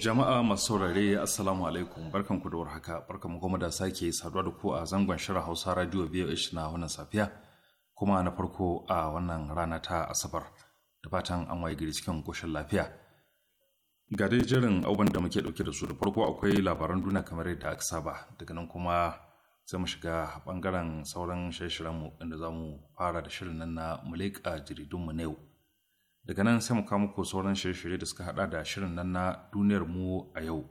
Jama'a masu saurare Assalamu alaikum barkan ku da warhaka barkan mu kuma da sake saduwa da ku a zangon shirin Hausa Radio BOH na wannan safiya kuma na farko a wannan rana ta Asabar da fatan an waye gari cikin koshin lafiya. Ga dai jirin abubuwan da muke dauke da su da farko akwai labaran duniya kamar yadda aka saba daga nan kuma sai mu shiga bangaren sauran shirye-shiryenmu inda za mu fara da shirin nan na mulika jaridunmu na yau. daga nan sai mu kawo muku sauran shirye-shirye da suka hada da shirin nan na duniyar mu a yau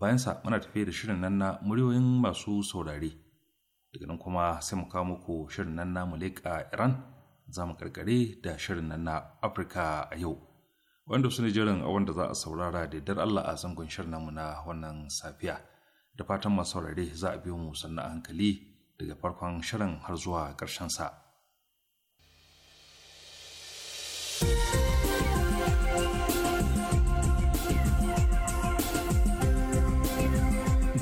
bayan sa muna tafe da shirin nan na muryoyin masu saurare daga nan kuma sai mu kawo muku shirin nan na a iran za mu karkare da shirin nan na afirka a yau wanda su ne jirin a wanda za a saurara da dar allah a zangon shirin namu na wannan safiya da fatan masu saurare za a biyo mu sannan hankali daga farkon shirin har zuwa karshen sa.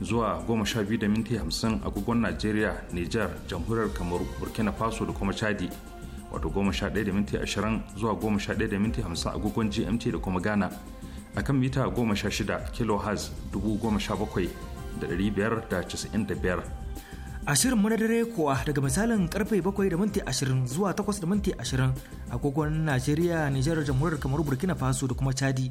zuwa 12 da minti 50 agogon Najeriya, Nijar, Jamhuriyar Kamaru, Burkina Faso da kuma Chadi. Wato 11 da minti 20 zuwa 11 da minti 50 agogon GMT da kuma Ghana. A kan mita 16 kHz 17,595. Ashirin mu na dare kuwa daga misalin karfe 7 da minti 20 zuwa 8 da minti 20 agogon Najeriya, Nijar, Jamhuriyar Kamaru, Burkina Faso da kuma Chadi.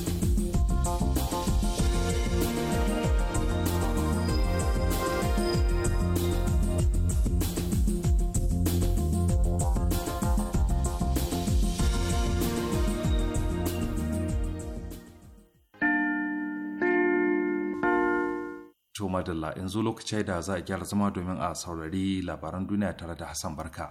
madalla yanzu lokaci da za a gyara zama domin a saurari labaran duniya tare da Hassan Barka.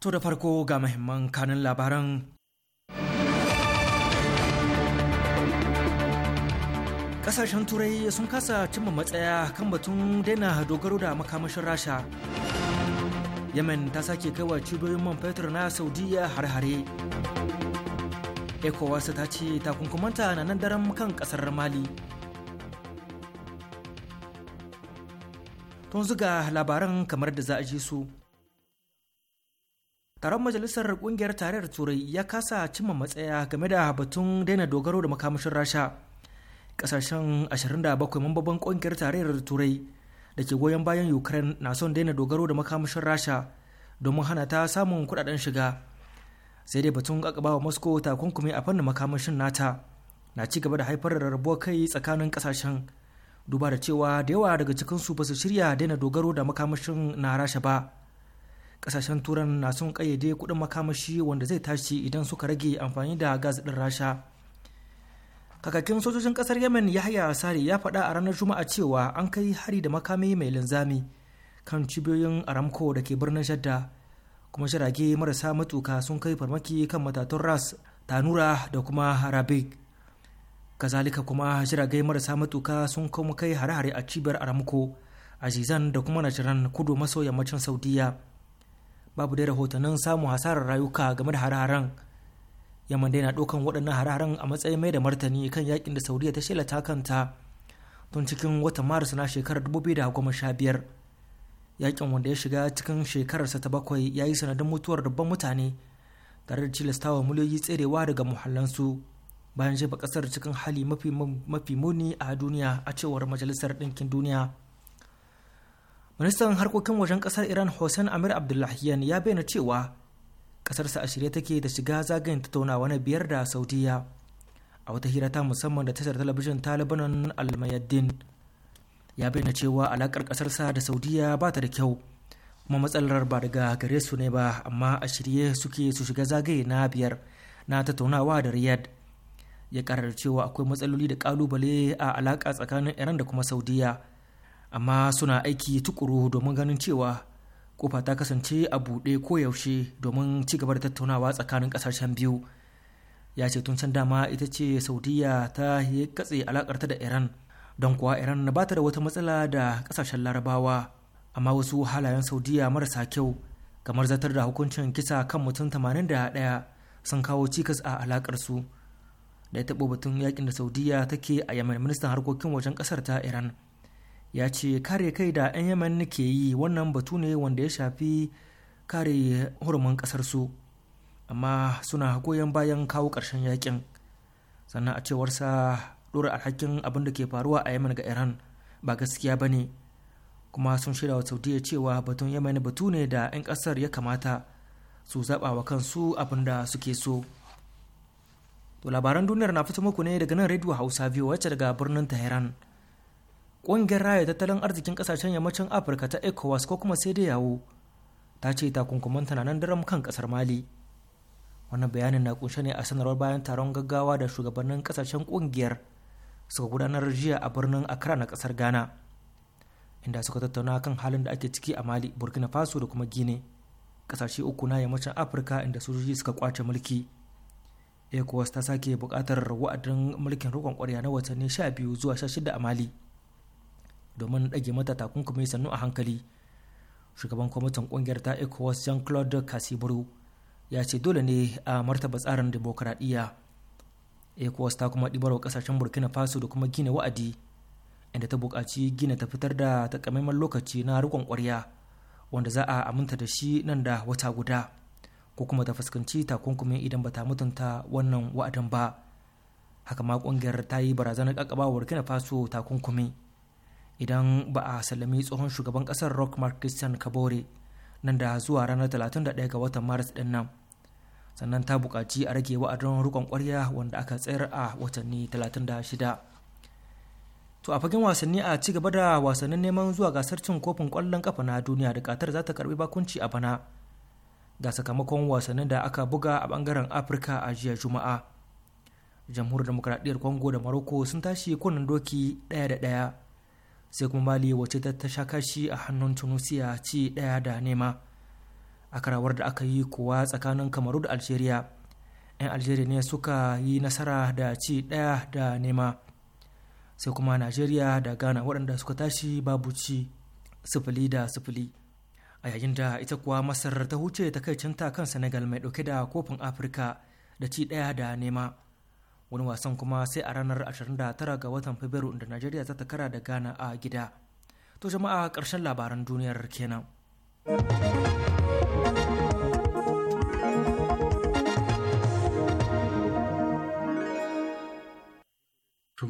To da farko ga mahimman kanin labaran Ƙasashen Turai sun kasa cimma matsaya kan batun daina dogaro da makamashin Rasha. yemen ta sake kaiwa cibiyoyin man fetur na saudiya har-hare ecowas ta ce takunkumanta na nan daren kan kasar mali tun zuga labaran kamar da za a ji su taron majalisar kungiyar tarayyar turai ya kasa cimma matsaya game da batun daina dogaro da makamashin rasha kasashen 27 mambobin kungiyar tarayyar turai da ke goyon bayan ukraine na son daina dogaro da makamashin rasha domin hana ta samun kudaden shiga sai dai batun wa moscow takunkumi a fannin makamashin nata na ci gaba da haifar da kai tsakanin kasashen duba da cewa da yawa daga cikinsu ba su shirya daina dogaro da makamashin na rasha ba kasashen turan na son kayyade kudin makamashi wanda zai tashi idan suka rage amfani da gas din rasha kakakin sojojin kasar yemen yahya sare ya faɗa a ranar juma'a cewa an kai hari da makami mai linzami kan cibiyoyin aramco da ke birnin shadda kuma shirage marasa matuka sun kai farmaki kan matatun ras tanura da kuma rabik kazalika kuma shirage marasa matuka sun kuma kai hare-hare a cibiyar aramco azizan da kuma jiran kudu maso yammacin saudiya babu dai rahotannin samun hasarar rayuka game da hare-haren yaman daina na ɗaukan waɗannan hararen a matsayin mai da martani kan yakin da saudiya ta shela kanta tun cikin watan maris na shekarar 2015 yakin wanda ya shiga cikin shekararsa ta bakwai ya yi sanadin mutuwar dabban mutane tare da cilastawa miliyoyi tserewa daga muhallansu bayan jefa kasar cikin hali mafi muni a duniya a cewar majalisar ɗinkin duniya ministan harkokin wajen kasar iran hussein amir abdullahiyan ya bayyana cewa Ƙasarsa a shirye take da shiga zagayen tattaunawa na biyar da saudiya a wata hira ta musamman da tashar talabijin ta lebanon almayaddin ya bayyana cewa alakar ƙasarsa da saudiya ba ta da kyau kuma matsalar ba daga gare su ne ba amma a shirye suke su shiga zagaye na biyar na tattaunawa da Riyad ya da cewa akwai matsaloli da ƙalubale a alaƙa tsakanin iran da kuma saudiya amma suna aiki tukuru domin ganin cewa kofa ta kasance a buɗe koyaushe domin ci gaba da tattaunawa tsakanin ƙasashen biyu ya ce tun san dama ita ce saudiya ta yi katse alakarta da iran don kuwa iran ba ta da wata matsala da ƙasashen larabawa amma wasu halayen saudiya marasa kyau kamar zartar da hukuncin kisa kan mutum tamanin da 81 sun kawo cikas a alakar su da ya taɓo batun yakin da saudiya take a yamen ministan harkokin wajen ƙasar ta iran ya ce kare kai da 'yan yemen ke yi wannan batu ne wanda ya shafi kare hurumin kasar su amma suna goyon bayan kawo ƙarshen yakin sannan a cewarsa ɗora alhakin abin da ke faruwa a yemen ga iran ba gaskiya ba ne kuma sun shirya wa saudiya cewa batun yemen batu ne da 'yan ƙasar ya kamata su zaɓa wa kansu abin da suke so to labaran duniyar na fito muku ne daga nan radio hausa biyu wacce daga birnin tehran ƙungiyar raya tattalin arzikin ƙasashen yammacin afirka ta ecowas ko kuma sai da yawo ta ce takunkuman tana nan daren kan ƙasar mali wannan bayanin na kunshe ne a sanarwar bayan taron gaggawa da shugabannin ƙasashen ƙungiyar suka gudanar jiya a birnin accra na ƙasar ghana inda suka tattauna kan halin da ake ciki a mali burkina faso da kuma gine ƙasashe uku na yammacin afirka inda sojoji suka kwace mulki ecowas ta sake buƙatar wa'adin mulkin rikon ƙwarya na watanni biyu zuwa 16 a mali domin ɗage mata takunkumi sannu a hankali shugaban kwamitin kungiyar ta ecowas jean claude casibro ya ce dole ne a martaba tsarin demokuraɗiyya ecowas ta kuma ɗibar wa ƙasashen burkina faso da kuma gina wa'adi inda ta buƙaci gina ta fitar da takamaiman lokaci na rikon ƙwarya wanda za a aminta da shi nan da wata guda ko kuma ta fuskanci takunkumi idan ba ta mutunta wannan wa'adin ba haka ma kungiyar ta yi barazanar kakaba wa burkina faso takunkumi idan ba a salami tsohon shugaban kasar rock mark christian kabore nan da zuwa ranar 31 ga watan maris din nan sannan ta bukaci a rage wa'adin rikon kwarya wanda aka tsayar a watanni 36 to a fagen wasanni a ci gaba da wasannin neman zuwa gasar cin kofin kwallon kafa na duniya da katar za ta karbi bakunci a bana ga sakamakon wasannin da aka buga a bangaren afirka a jiya juma'a jamhuriyar demokradiyyar congo da morocco sun tashi kunnen doki ɗaya da ɗaya sai kuma mali wace ta sha kashi a hannun tunisia ci daya da nema a karawar da aka yi kuwa tsakanin kamaru da algeria 'yan algeria ne suka yi nasara da ci daya da nema sai kuma nigeria da ghana waɗanda suka tashi babu ci sifili da sifili a yayin da ita kuwa masar ta huce takaicinta kan senegal mai dauke da kofin afirka da ci daya da nema wani wasan kuma sai a ranar 29 ga watan fabrairu da najeriya za ta kara da ghana a gida to jama'a ƙarshen labaran duniyar kenan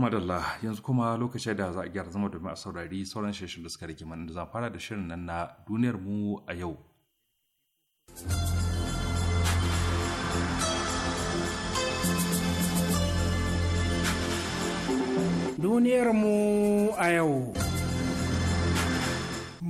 madalla, yanzu kuma lokacin da za a gyara zama domin a saurari sauran shirin da suka rike mana da fara da shirin nan na duniyar mu a yau. duniyarmu a yau.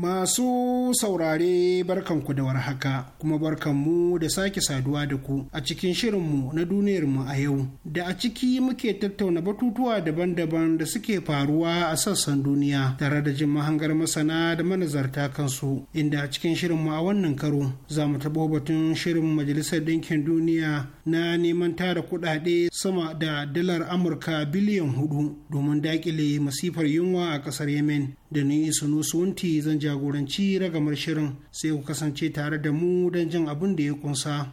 Masu saurare barkanku da warhaka kuma barkanmu da sake saduwa da ku a cikin shirinmu na duniyarmu a yau da a ciki muke tattauna batutuwa daban-daban da suke faruwa a sassan duniya tare da jin mahangar masana da manazarta kansu inda a cikin shirinmu a wannan karo za mu taɓo batun shirin majalisar ɗinkin duniya na neman tara kuɗaɗe sama da dalar amurka biliyan hudu domin dakile masifar yunwa a ƙasar yemen da ni sunu suwanti zan jagoranci ragamar shirin sai ku kasance tare da mu don jin abin da ya kunsa.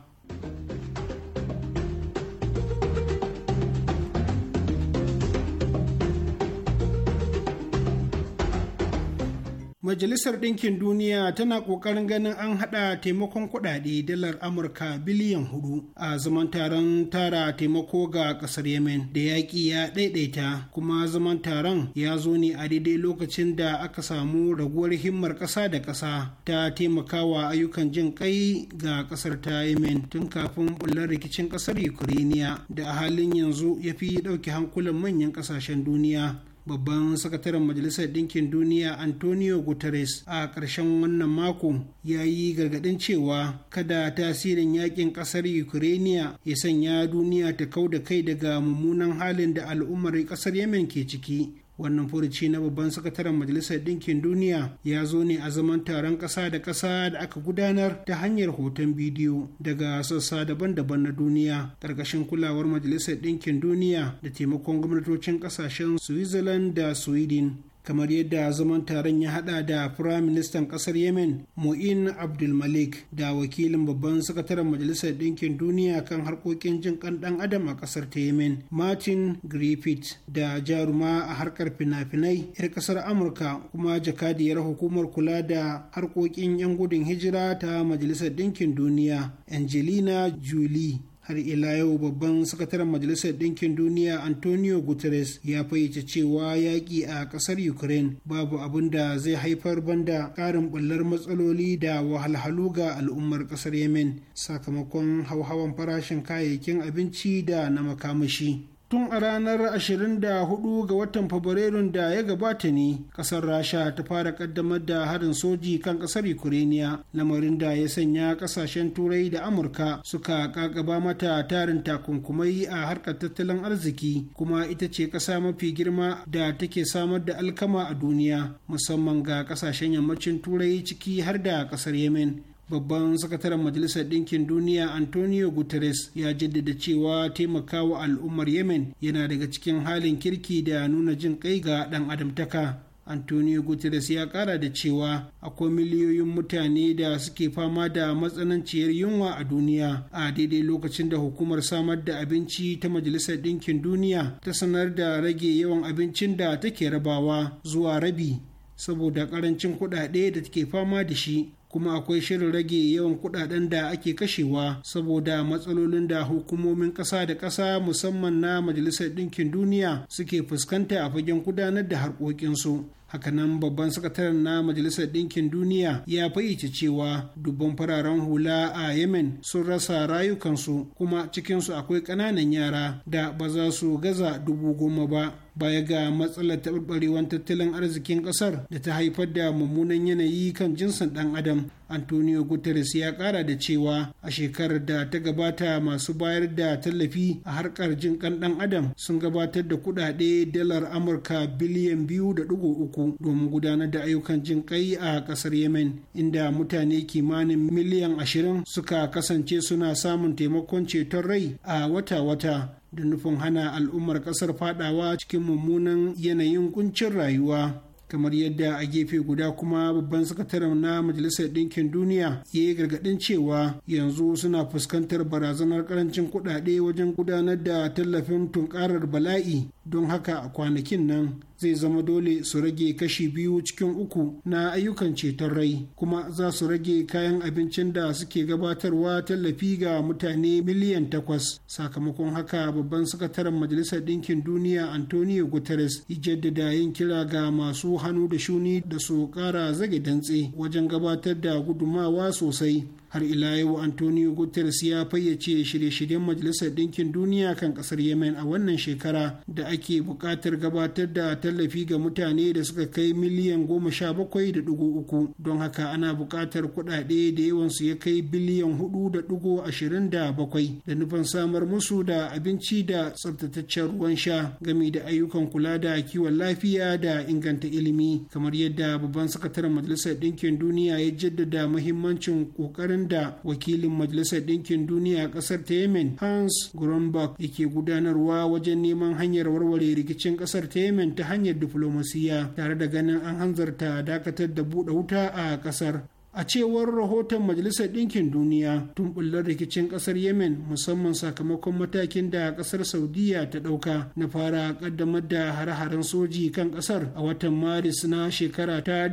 Majalisar Ɗinkin Duniya tana ƙoƙarin ganin an haɗa taimakon kuɗaɗe dalar Amurka biliyan hudu a zaman taron tara taimako ga ƙasar Yemen da yaƙi ya ɗaiɗaita kuma zaman taron ya zo ne a daidai lokacin da aka samu raguwar himmar ƙasa da ƙasa ta taimakawa ayyukan jin ƙai ga ƙasar ta Yemen tun kafin bullar rikicin ƙasar Ukraine da a halin yanzu ya fi ɗauki hankulan manyan ƙasashen duniya. babban sakataren majalisar ɗinkin duniya antonio guterres a ƙarshen wannan mako ya yi gargaɗin cewa kada tasirin yakin ƙasar ukraine ya sanya duniya ta kau da kai daga mummunan halin da al'ummar ƙasar yemen ke ciki wannan furuci na babban sakataren majalisar ɗinkin duniya ya zo ne a zaman taron ƙasa da ƙasa da aka gudanar ta hanyar hoton bidiyo daga sassa daban-daban na duniya ƙarƙashin kulawar majalisar ɗinkin duniya da taimakon gwamnatocin ƙasashen switzerland da sweden kamar yadda zaman taron ya hada da firayim ministan kasar yemen mu'in abdulmalik da wakilin babban sakataren majalisar ɗinkin duniya kan harkokin jin kan dan adam a kasar ta yemen martin griffith da jaruma a harkar fina-finai 'yar kasar amurka kuma jakadiyar hukumar kula da harkokin 'yan gudun hijira ta majalisar ɗinkin duniya angelina julie har ila yau babban sakataren majalisar ɗinkin duniya antonio guterres ya fayyace cewa yaƙi a ƙasar ukraine babu abin da zai haifar banda ƙarin ɓullar matsaloli da wahalhalu ga al'ummar ƙasar yemen sakamakon hauhawan farashin kayayyakin abinci da na makamashi tun a ranar 24 ga watan Fabrairu da ya gabata ne kasar rasha ta fara kaddamar da harin soji kan kasar ukraniya lamarin da ya sanya kasashen turai da amurka suka kakaba mata tarin takunkumai a harkar tattalin arziki kuma ita ce kasa mafi girma da take samar da alkama a duniya musamman ga kasashen yammacin turai ciki har da kasar yemen babban sakataren majalisar ɗinkin duniya antonio guterres ya jaddada cewa taimakawa al'ummar yemen yana daga cikin halin kirki da nuna jin kai ga ɗan adamtaka antonio guterres ya kara da cewa akwai miliyoyin mutane da suke fama da matsananciyar yunwa a duniya a daidai lokacin da hukumar samar da abinci ta majalisar ɗinkin duniya ta sanar da rage yawan abincin da take rabawa zuwa rabi saboda ƙarancin kuɗaɗe da take fama da shi kuma akwai shirin rage yawan kudaden da ake kashewa saboda matsalolin da hukumomin kasa da kasa musamman na majalisar ɗinkin duniya suke fuskanta a fagen gudanar da harkokinsu hakanan babban sakataren na majalisar ɗinkin duniya ya fayyace cewa dubban fararen hula a yemen sun rasa rayukansu kuma cikinsu akwai ƙananan yara da ba za su gaza dubu goma ba baya ga matsalar taɓarɓarewar tattalin arzikin ƙasar da ta haifar da mummunan yanayi kan jinsin ɗan adam antonio guterres ya ƙara da cewa a shekarar da ta gabata masu bayar da tallafi a harkar jin ƙan ɗan adam sun gabatar da kuɗaɗe dalar amurka biliyan biyu da ɗigo uku domin gudanar da ayyukan jin a ƙasar yemen inda mutane kimanin miliyan ashirin suka kasance suna samun taimakon ceton rai a wata-wata da nufin hana al'ummar kasar fadawa cikin mummunan yanayin kuncin rayuwa kamar yadda a gefe guda kuma babban sakataren na majalisar ɗinkin duniya ya yi gargaɗin cewa yanzu suna fuskantar barazanar karancin kuɗaɗe wajen gudanar da tallafin tunkarar bala'i don haka a kwanakin nan zai zama dole su rage kashi biyu cikin uku na ayyukan ceton rai kuma za su rage kayan abincin da suke gabatarwa tallafi ga mutane miliyan takwas sakamakon haka babban sakataren majalisar ɗinkin duniya antonio guterres ya jaddada yin kira ga masu hannu da shuni da su ƙara zage dantse wajen gabatar da gudumawa sosai har ila yau antonio guterres ya fayyace shirye-shiryen majalisar ɗinkin duniya kan ƙasar yemen a wannan shekara da ake buƙatar gabatar da tallafi ga mutane da suka kai miliyan goma sha bakwai da ɗigo uku don haka ana buƙatar kuɗaɗe da yawansu ya kai biliyan hudu da ɗigo ashirin da bakwai da nufin samar musu da abinci da tsabtataccen ruwan sha gami da ayyukan kula da kiwon lafiya da inganta ilimi kamar yadda babban sakataren majalisar ɗinkin duniya ya jaddada muhimmancin ƙoƙarin taron da wakilin majalisar ɗinkin duniya a ƙasar ta yemen hans grunberg yake gudanarwa wajen neman hanyar warware rikicin ƙasar ta yemen ta hanyar diflomasiyya tare da ganin an hanzarta dakatar da buɗe wuta a ƙasar a cewar rahoton majalisar ɗinkin duniya tun bullar rikicin ƙasar yemen musamman sakamakon matakin da ƙasar saudiya ta ɗauka na fara ƙaddamar da hare-haren soji kan ƙasar a watan maris na shekara ta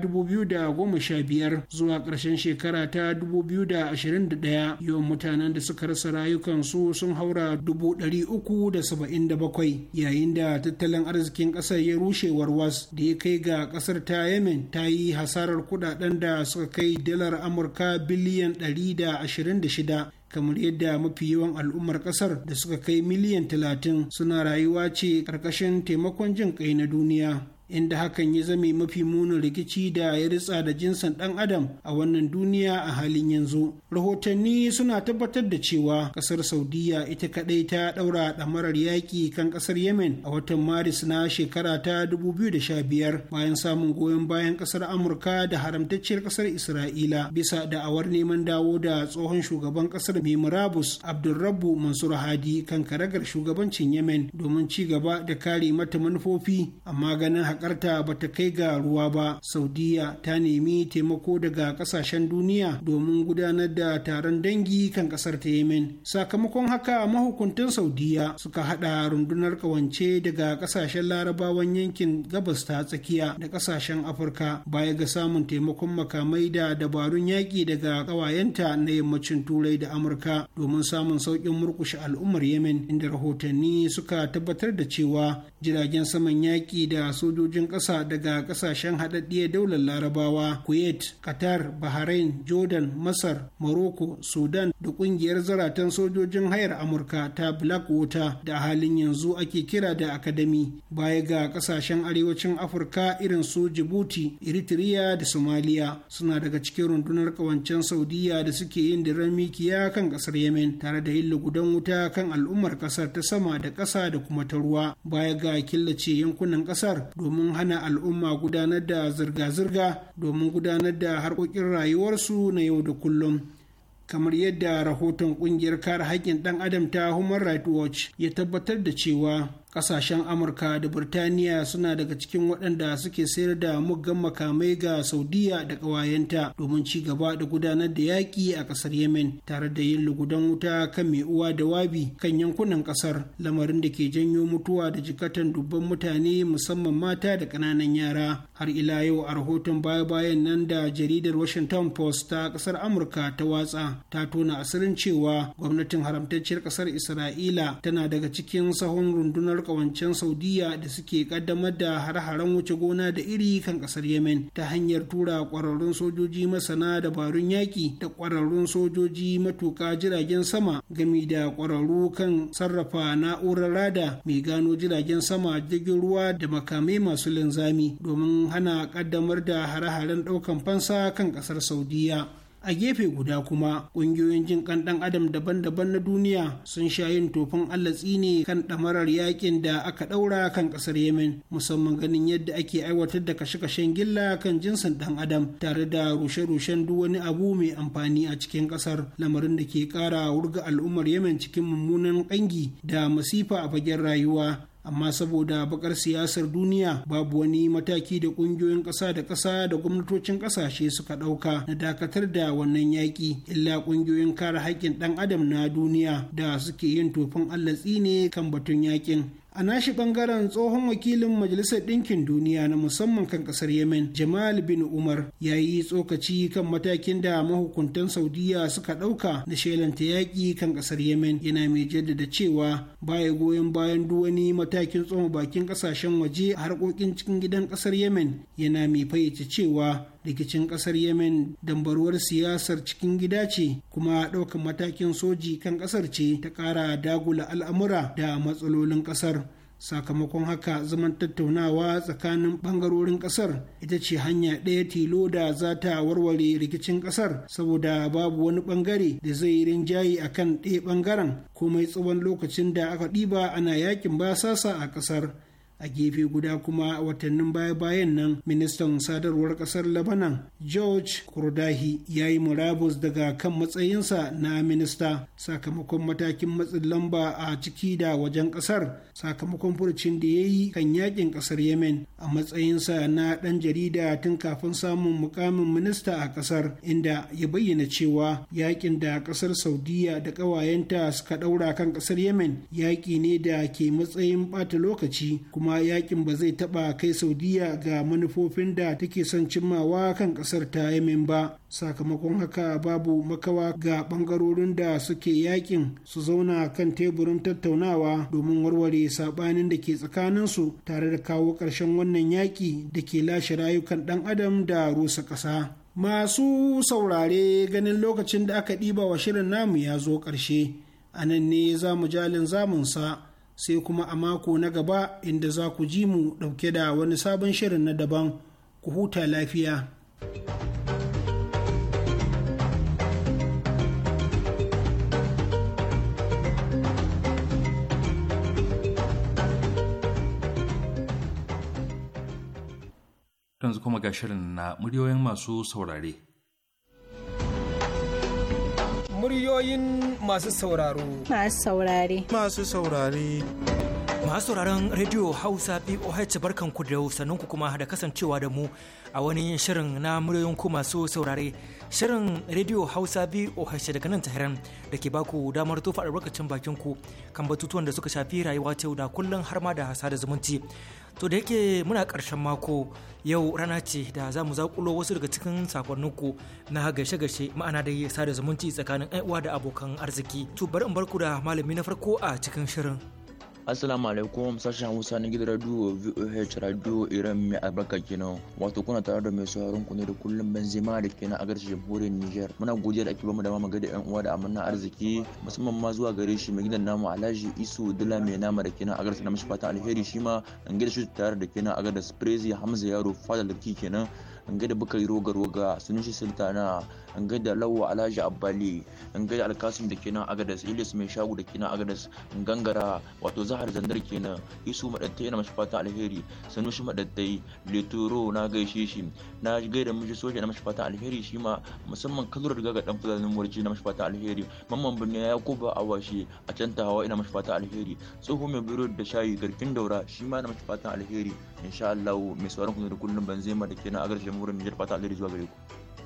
biyar, zuwa ƙarshen shekara ta 2021 yawan mutanen da suka rasa rayukansu sun haura 377 yayin da tattalin arzikin ƙasar ya rushe warwas da ya kai ga ƙasar ta yemen ta yi hasarar kuɗaɗen da suka kai dalar amurka biliyan 126 kamar yadda mafi yawan al'ummar kasar da suka kai miliyan 30 suna rayuwa ce ƙarƙashin taimakon jin ƙai na duniya inda hakan ya zame mafi munin rikici da ya ritsa da jinsin ɗan adam a wannan duniya a halin yanzu rahotanni suna tabbatar da cewa ƙasar saudiya ita kaɗai ta ɗaura ɗamarar yaƙi kan ƙasar yemen a watan maris na shekara ta 2015 bayan samun goyon bayan ƙasar amurka da haramtacciyar ƙasar isra'ila bisa da'awar neman dawo da tsohon shugaban ƙasar mai murabus abdulrabu mansur hadi kan karagar shugabancin yemen domin ci gaba da kare mata manufofi amma ganin haƙarta ba ta kai ga ruwa ba saudiya ta nemi taimako daga ƙasashen duniya domin gudanar da taron dangi kan ƙasar ta yemen sakamakon haka mahukuntan saudiya suka haɗa rundunar ƙawance daga ƙasashen larabawan yankin gabas ta tsakiya da ƙasashen afirka baya ga samun taimakon makamai da dabarun yaƙi daga ƙawayenta na yammacin turai da amurka domin samun sauƙin murkushe al'ummar yemen inda rahotanni suka tabbatar da cewa jiragen saman yaƙi da sojoji sojojin ƙasa daga ƙasashen haɗaɗɗiyar daular larabawa kuwait qatar bahrain jordan masar morocco sudan da ƙungiyar zaratan sojojin hayar amurka ta black blackwater da halin yanzu ake kira da academy baya ga ƙasashen arewacin afirka irin su djibouti eritrea da somalia suna daga cikin rundunar ƙawancen saudiya da suke yin diran mikiya kan ƙasar yemen tare da illa gudan wuta kan al'ummar ƙasar ta sama da ƙasa da kuma ta ruwa baya ga killace yankunan ƙasar domin domin hana al'umma gudanar da zirga-zirga domin gudanar da harkokin rayuwarsu na yau da kullum kamar yadda rahoton kungiyar kare haƙƙin ɗan adam ta human rights watch ya tabbatar da cewa kasashen amurka da birtaniya suna daga cikin waɗanda suke sayar da muggan makamai ga saudiya da ƙawayenta domin ci gaba da gudanar da yaƙi a ƙasar yemen tare da yin lugudan wuta kan mai uwa da wabi kan yankunan ƙasar lamarin da ke janyo mutuwa da jikatan dubban mutane musamman mata da ƙananan yara har ila yau a rahoton baya-bayan nan da jaridar washington post ta ƙasar amurka ta watsa ta tona asirin cewa gwamnatin haramtacciyar ƙasar isra'ila tana daga cikin sahun rundunar kawancen saudiya da suke kaddamar da har-haren wuce gona da iri kan kasar yemen ta hanyar tura kwararrun sojoji masana dabarun yaƙi da kwararrun sojoji matuka jiragen sama gami da kwararru kan sarrafa na'urar rada mai gano jiragen sama jirgin ruwa da makamai masu linzami domin hana kaddamar da hare-haren ɗaukan fansa kan kasar saudiya a gefe guda kuma ƙungiyoyin jin kan ɗan adam daban-daban na duniya sun sha yin tofin allatsi ne kan ɗamarar yakin da aka ɗaura kan ƙasar yemen musamman ganin yadda ake aiwatar da kashe-kashen gilla kan jinsin ɗan adam tare da rushe-rushen duk wani abu mai amfani a cikin ƙasar lamarin da ke ƙara wurga al'ummar yemen cikin mummunan ƙangi da masifa a fagen rayuwa amma saboda bakar siyasar duniya babu wani mataki da kungiyoyin kasa da kasa da gwamnatocin kasashe suka ɗauka na dakatar da wannan yaki illa kungiyoyin kare haƙƙin ɗan adam na duniya da suke yin tofin allatsi ne kan batun yakin. a nashi bangaren tsohon wakilin majalisar ɗinkin duniya na musamman kan ƙasar yemen jamal bin umar ya yi tsokaci kan matakin da mahukuntan saudiya suka ɗauka na shelanta yaƙi kan ƙasar yemen yana mai jaddada cewa baya goyon bayan duwani matakin tsoma bakin ƙasashen waje a harkokin cikin gidan ƙasar yemen yana mai fayyace cewa rikicin kasar yemen dambaruwar siyasar cikin gida ce kuma ɗaukan matakin soji kan kasar ce ta ƙara dagula al'amura da matsalolin kasar sakamakon haka zaman tattaunawa tsakanin ɓangarorin ƙasar ita ce hanya ɗaya tilo da za ta warware rikicin ƙasar saboda babu wani ɓangare da zai rinjaye a kan ɗaya bangaren komai tsawon lokacin da aka ɗiba ana yakin basasa a ƙasar. a gefe guda kuma watannin baya-bayan nan ministan sadarwar kasar labanan george kurdahi ya yi murabus daga kan matsayinsa na minista sakamakon matakin matsin lamba a ciki da wajen kasar sakamakon furcin da ya yi kan yakin kasar yemen a matsayinsa na dan jarida tun kafin samun mukamin minista a kasar inda ya bayyana cewa yakin da kasar saudiya da kawayenta suka daura kan kasar yemen yaki ne da ke matsayin ɓata lokaci kuma kuma yakin ba zai taba kai saudiya ga manufofin da take son cimmawa kan kasar ta yemen ba sakamakon haka babu makawa ga bangarorin da suke yakin su zauna kan teburin tattaunawa domin warware sabanin da ke tsakaninsu tare da kawo ƙarshen wannan yaki da ke lashe rayukan ɗan adam da rusa ƙasa masu saurare ganin lokacin da aka ɗiba wa shirin namu ya zo ƙarshe anan ne za mu jalin zamunsa sai kuma a mako na gaba inda za ku ji mu ɗauke da wani sabon shirin na daban ku huta lafiya. yanzu kuma ga shirin na muryoyin masu saurare. muryoyin masu sauraro. Masu saurare. Masu saurare. Masu sauraron Radio Hausa BOH barkanku da sannan ku kuma da kasancewa da mu a wani shirin na muryoyin ku masu saurare. Shirin Radio Hausa BOH daga nan Tahiran da ke baku damar tofa albarkacin bakin ku kan batutuwan da suka shafi rayuwa ta yau da kullum har ma da hasada zumunci. to da yake muna ƙarshen mako yau rana ce da za mu zaƙulo wasu daga cikin sakonninku na gaishe-gaishe ma'ana da sada zumunci tsakanin uwa da abokan arziki to bari in ku da malami na farko a cikin shirin Assalamu alaikum sashen Hausa na gidan radio VOH radio Iran mai albarka kenan. Wato kuna tare da mai sauraron ku ne da kullum Benzema da kenan a garshen jamhuriyar Niger. Muna godiya da ake bamu dama magana yan uwa da amanna arziki musamman ma zuwa gare shi mai gidan namu Alhaji Isu Dila mai nama da kenan a garin na mashi fatan alheri shi ma an gida shi tare da kenan a garshen Prezi Hamza Yaro Fadal da kenan an gaida bukari roga roga shi sultana an gaida lawa alhaji abbali an gaida alkasim da kenan agadas ilis mai shagu da kenan agadas gangara wato zahar zandar kenan isu madattai na mashi alheri alheri shi madattai leturo na gaishe shi na gaida miji soja na mashi alheri shi ma musamman kalurar gaga dan fulanin murji na mashi alheri mamman birni ya kuba a washe a can hawa ina mashi alheri tsoho mai biro da shayi garkin daura shi ma na mashi alheri insha Allah mai sauran kuma da kullum ma da kenan agadas jamhuriyar Nijar fata alheri zuwa gare ku.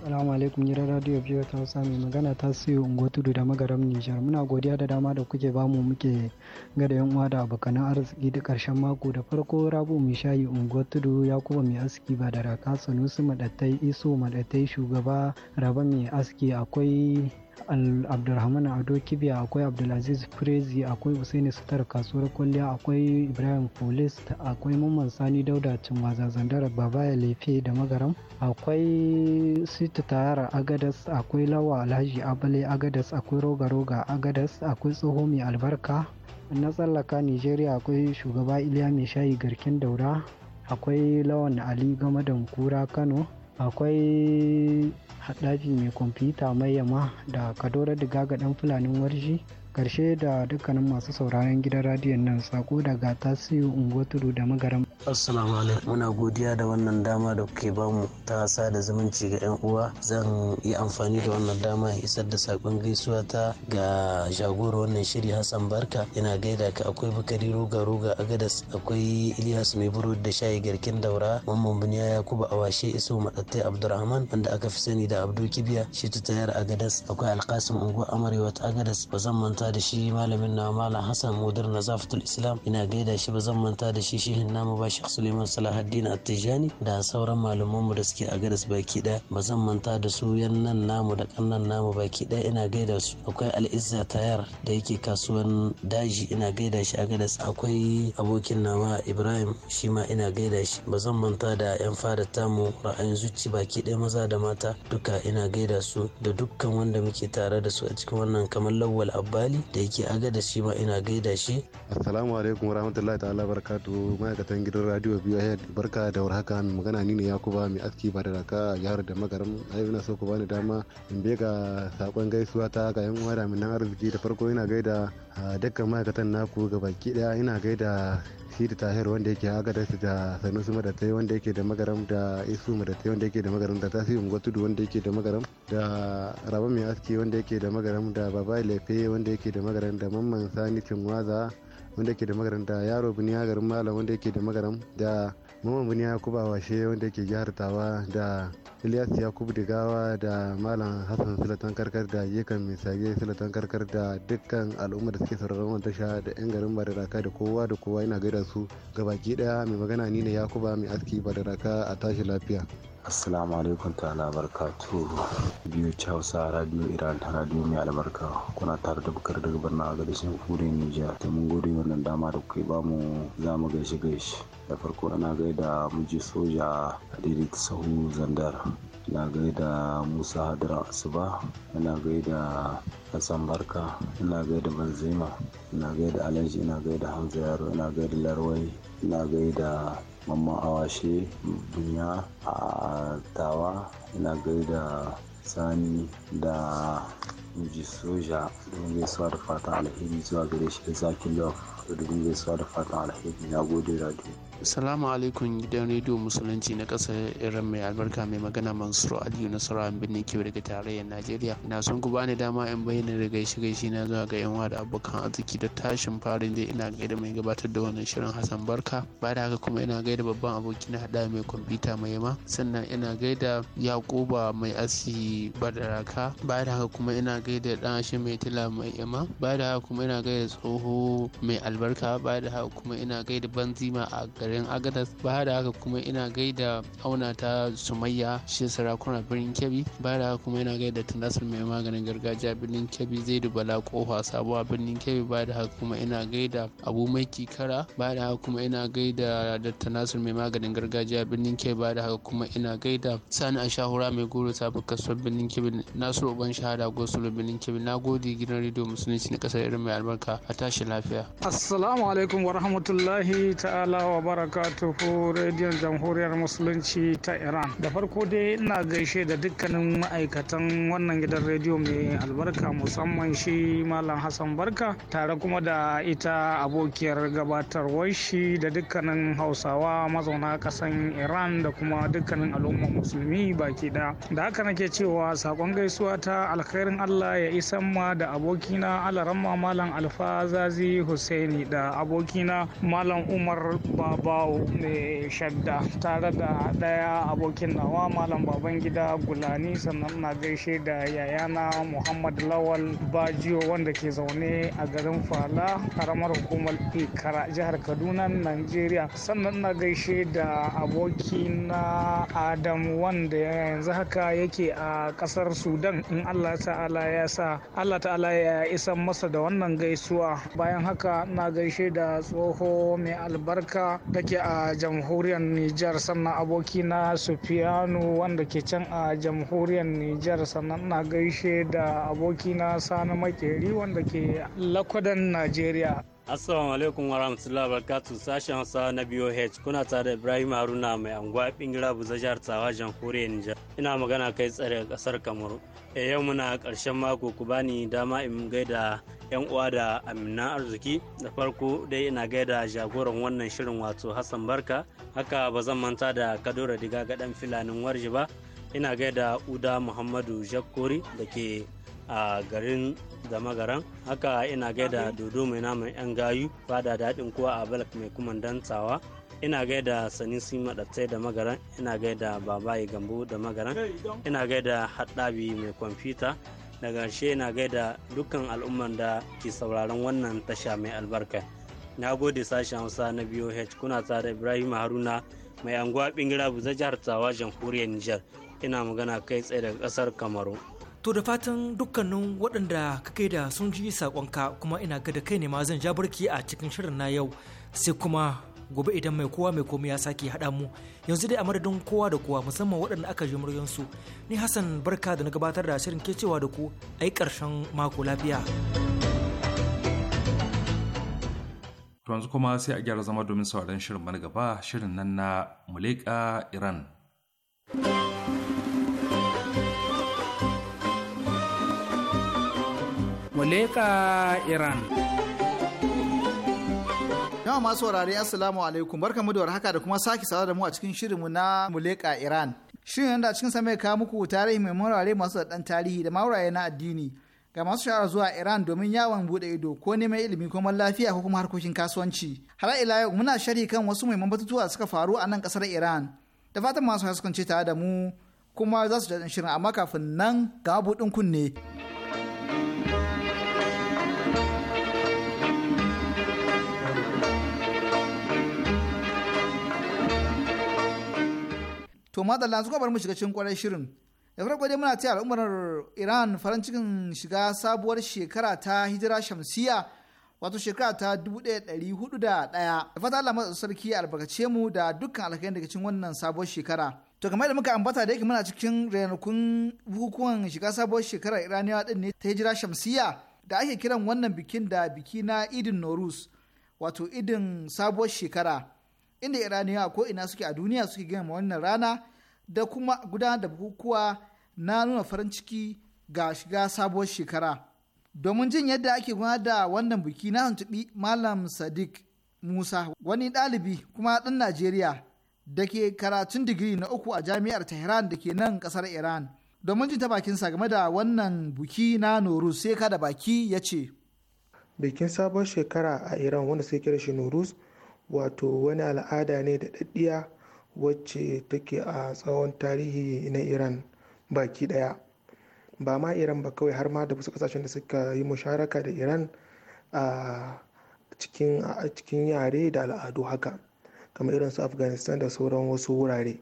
Salamu alaikum jira radio biyu ta Hausa mai magana ta siyo ungo tudu da magaram Nijar. Muna godiya da dama da kuke bamu muke gada yan uwa da abokanan arziki da karshen mako da farko rabu mai shayi ungo tudu ya kuma mai aski ba da raka sanusi madattai iso madattai shugaba raba mai aski akwai abdulrahman ado kibiya akwai abdulaziz firezi akwai usaini sutar kasuwar kwalliya akwai ibrahim folis akwai mamman sani dauda cimaza baba ya lefe da magaram akwai situ tayara agadas akwai lawa alhaji abale agadas akwai roga roga agadas akwai tsoho mai albarka na tsallaka nigeria akwai shugaba iliya mai shayi garkin daura akwai lawan ali game da kura kano akwai haɗafi mai kwamfuta mai yama da kadorar diga ga ɗan fulanin warji karshe da dukkanin masu sauraron gidan radiyon nan sako daga tasiru unguwa tudu da magaram assalamu alaikum muna godiya da wannan dama da kuke bamu ta sa da zumunci ga yan uwa zan yi amfani da wannan dama isar da sakon gaisuwa ta ga jagoro wannan shiri hassan barka ina gaida ka akwai bukari roga roga agadas akwai ilyas mai burodi da shayi garkin daura mamman buniya yakuba washe iso madattai abdulrahman wanda aka fi sani da abdul kibiya shi ta tayar agadas akwai alkasim unguwa amarewa ta agadas ba zan manta manta da shi malamin na malam hassan mudir na zafatul islam ina gaida shi ba zan manta da shi shehin namu ba shi suleiman salahaddin attijani da sauran malamanmu da suke a gadas baki ɗaya ba zan manta da su yan nan namu da kannan namu baki ɗaya ina gaida su akwai al'izza tayar da yake kasuwan daji ina gaida shi a gadas akwai abokin nawa ibrahim shi ma ina gaida shi ba zan manta da yan fada tamu ra'ayin zuci baki ɗaya maza da mata duka ina gaida su da dukkan wanda muke tare da su a cikin wannan kamar lawal abbali ne da yake agada shi ma ina gaida shi. Assalamu alaikum warahmatullahi ta'ala barakatu ma'aikatan gidan radio biyu barka da warhaka mai magana ni ne Yakuba mai aski ba da raka yaro da magaram ai ina so ku bani dama in be ga sakon gaisuwa ta ga yan uwa da minan arziki da farko ina gaida dukkan ma'aikatan naku ga baki daya ina gaida Sidi Tahir wanda yake agadarsu da Sanusi Madatai wanda yake da magaram da Isu Madatai wanda yake da magaram da Tasiru Gwatudu wanda yake da magaram da rabu mai aski wanda yake da magaran da baba lefe wanda yake da magaran da mamman sani cinwaza wanda yake da magaran da yaro biniya garin malam wanda yake da magaran da mamman biniya kuba washe wanda yake jihar tawa da Ilyas Yakubu Digawa da Malam Hassan Sulatan Karkar da Yekan Misage Sulatan Karkar da dukkan al'ummar da suke sauraron wannan tasha da 'yan garin Badaraka da kowa da kowa ina gaida su gabaki daya mai magana ni ne Yakuba mai aski Badaraka a tashi lafiya. Assalamu alaikum barka barkatu biyu Hausa Radio Iran Radio mai albarka kuna tare da bukar daga birnin a gadashin Kure Nijar ta mun gode wannan dama da kuke bamu zamu mu gaishe gaishe da farko ana gaida miji soja a daidaita sahu zandar ina gaida musa hadirin asuba ina gaida hassan barka ina gaida banzima ina gaida alhaji ina gaida hamza yaro ina gaida larwai ina gaida mamman awashe bunya a tawa ina gaida sani da inji soja domin gaisuwa da fatan alheri zuwa gare shi da zakin lawa domin gaisuwa da fatan alheri na gode radio Salamu alaikum gidan rediyo musulunci na ƙasar Iran mai albarka mai magana Mansur Aliyu Nasara a birnin Kiyo daga tarayyar Najeriya. Na son ku bani dama in bayyana da gaishe gaishe na zuwa ga yan da abokan arziki da tashin farin dai ina gaida mai gabatar da wannan shirin Hassan Barka. Ba da haka kuma ina gaida babban aboki na hada mai kwamfuta mai yama. Sannan ina gaida Yakuba mai aski badaraka. Ba da haka kuma ina gaida dan ashe mai tila mai yama. Ba da haka kuma ina gaida tsoho mai albarka. Ba da haka kuma ina gaida banzima a garin agadas baya da haka kuma ina gaida auna ta sumayya shi sarakuna birnin kebbi baya da haka kuma ina gaida tunasir mai maganin gargajiya birnin kebbi zai bala kofa sabuwa birnin kebbi baya da haka kuma ina gaida abu mai kikara baya da haka kuma ina gaida da tunasir mai maganin gargajiya birnin kebbi baya da haka kuma ina gaida sani ashahura mai goro ta kasuwar birnin kebbi nasiru uban shahada gosulo birnin kebbi na gode gidan rediyo musulunci na kasar irin mai albarka a tashi lafiya assalamu alaikum wa rahmatullahi ta'ala wa barakatuhu rediyon jamhuriyar musulunci ta iran da farko dai ina gaishe da dukkanin ma'aikatan wannan gidan rediyo mai albarka musamman shi malam hassan barka tare kuma da ita abokiyar gabatarwar shi da dukkanin hausawa mazauna kasan iran da kuma dukkanin al'ummar musulmi baki da da haka nake cewa sakon gaisuwa ta alkhairin allah ya isa ma da abokina alaramma malam alfazazi husaini da abokina malam umar baba bawo mai shadda tare da ɗaya abokin nawa malam baban gida gulani sannan na gaishe da yayana muhammad lawal bajiyo wanda ke zaune a garin fala karamar hukumar ikara jihar kaduna nigeria sannan na gaishe da na adam wanda yanzu haka yake a ƙasar sudan in allah ta'ala ya sa allah ta'ala ya isa masa da wannan gaisuwa bayan haka na gaishe da tsoho mai albarka kake a jamhuriyar Nijar sannan aboki na Sufiyanu wanda ke can a jamhuriyar Nijar sannan na gaishe da aboki na Sani Makeri wanda ke lakwadan Najeriya. Assalamu alaikum wa rahmatullahi wa barakatu sashen sa na BOH kuna tare da Ibrahim Haruna mai anguwa bingira buza jihar Tawa jamhuriyar Nijar. Ina magana kai tsare kasar Kamaru. E yau muna karshen mako ku bani dama in gaida yan uwa da amina arziki da farko dai ina gaida jagoran wannan shirin wato hassan barka haka ba zan manta da kadora diga gadan filanin warji ba ina gaida uda muhammadu jakkori da ke a garin da magaran haka ina gaida dodo mai naman yan gayu fada daɗin kuwa a balak mai kumandantawa ina gaida sanisi madattai da magaran ina gaida babaye gambo da magaran ina gaida haɗabi mai kwamfuta daga ƙarshe na gaida dukkan al'ummar da ke sauraron wannan tasha mai albarka na gode sashen hausa na boh kuna tare ibrahim haruna mai anguwa bingira buza jihar tawa jamhuriyar nijar ina magana kai tsaye daga ƙasar kamaru to da fatan dukkanin waɗanda ka kai da sun ji saƙonka kuma ina ga da kai ne ma zan ja barki a cikin shirin na yau sai kuma gobe idan mai kowa mai komai ya sake haɗa mu yanzu dai a madadin kowa da kowa musamman waɗanda aka ji muryansu ni hassan barka da na gabatar da shirin cewa da ku a yi ƙarshen mako lafiya to yanzu kuma sai a gyara zama domin sauran shirin mana gaba shirin nan na muleka iran muleka iran Yawan masu wurare Assalamu alaikum mu da warhaka da kuma sake sawa da mu a cikin shirinmu na Muleka Iran. Shirin yanda cikin sa mai kawo muku tarihi mai murare masu da tarihi da mauraye na addini ga masu shahara zuwa Iran domin yawon bude ido ko neman ilimi ko lafiya ko kuma harkokin kasuwanci. Har ila yau muna shari kan wasu muhimman batutuwa da suka faru a nan kasar Iran. Da fatan masu ce tare da mu kuma za su daɗin shirin amma kafin nan ga buɗin kunne. to madalla zuwa bar mu shiga cikin kwarai shirin da farko dai muna taya al'ummar iran farin cikin shiga sabuwar shekara ta hijira shamsiya wato shekara ta 1401 da fata Allah matsa sarki albarkace mu da dukkan alkhairin daga cikin wannan sabuwar shekara to kamar da muka ambata da yake muna cikin ranakun bukukuwan shiga sabuwar shekara iraniyawa din ne ta hijira shamsiya da ake kiran wannan bikin da biki na idin norus wato idin sabuwar shekara inda iraniyawa ko ina suke a duniya suke gama wannan rana da kuma gudanar da bukukuwa na nuna farin ciki ga shiga sabuwar shekara domin jin yadda ake gudanar da wannan biki na tuntuɓi malam sadiq musa wani ɗalibi kuma ɗan najeriya da ke karatun digiri na uku a jami'ar tehran da ke nan kasar iran domin jin ta bakinsa game da wannan buki na norus sai ka da baki ya ce bikin sabon shekara a iran wanda sai kira shi noruz. wato wani al'ada ne da daddiya wacce take a tsawon tarihi na iran baki ɗaya ba ma iran ba kawai har ma da wasu kasashen da suka yi musharaka da iran a cikin yare da al'adu haka kamar irin su afghanistan da sauran wasu wurare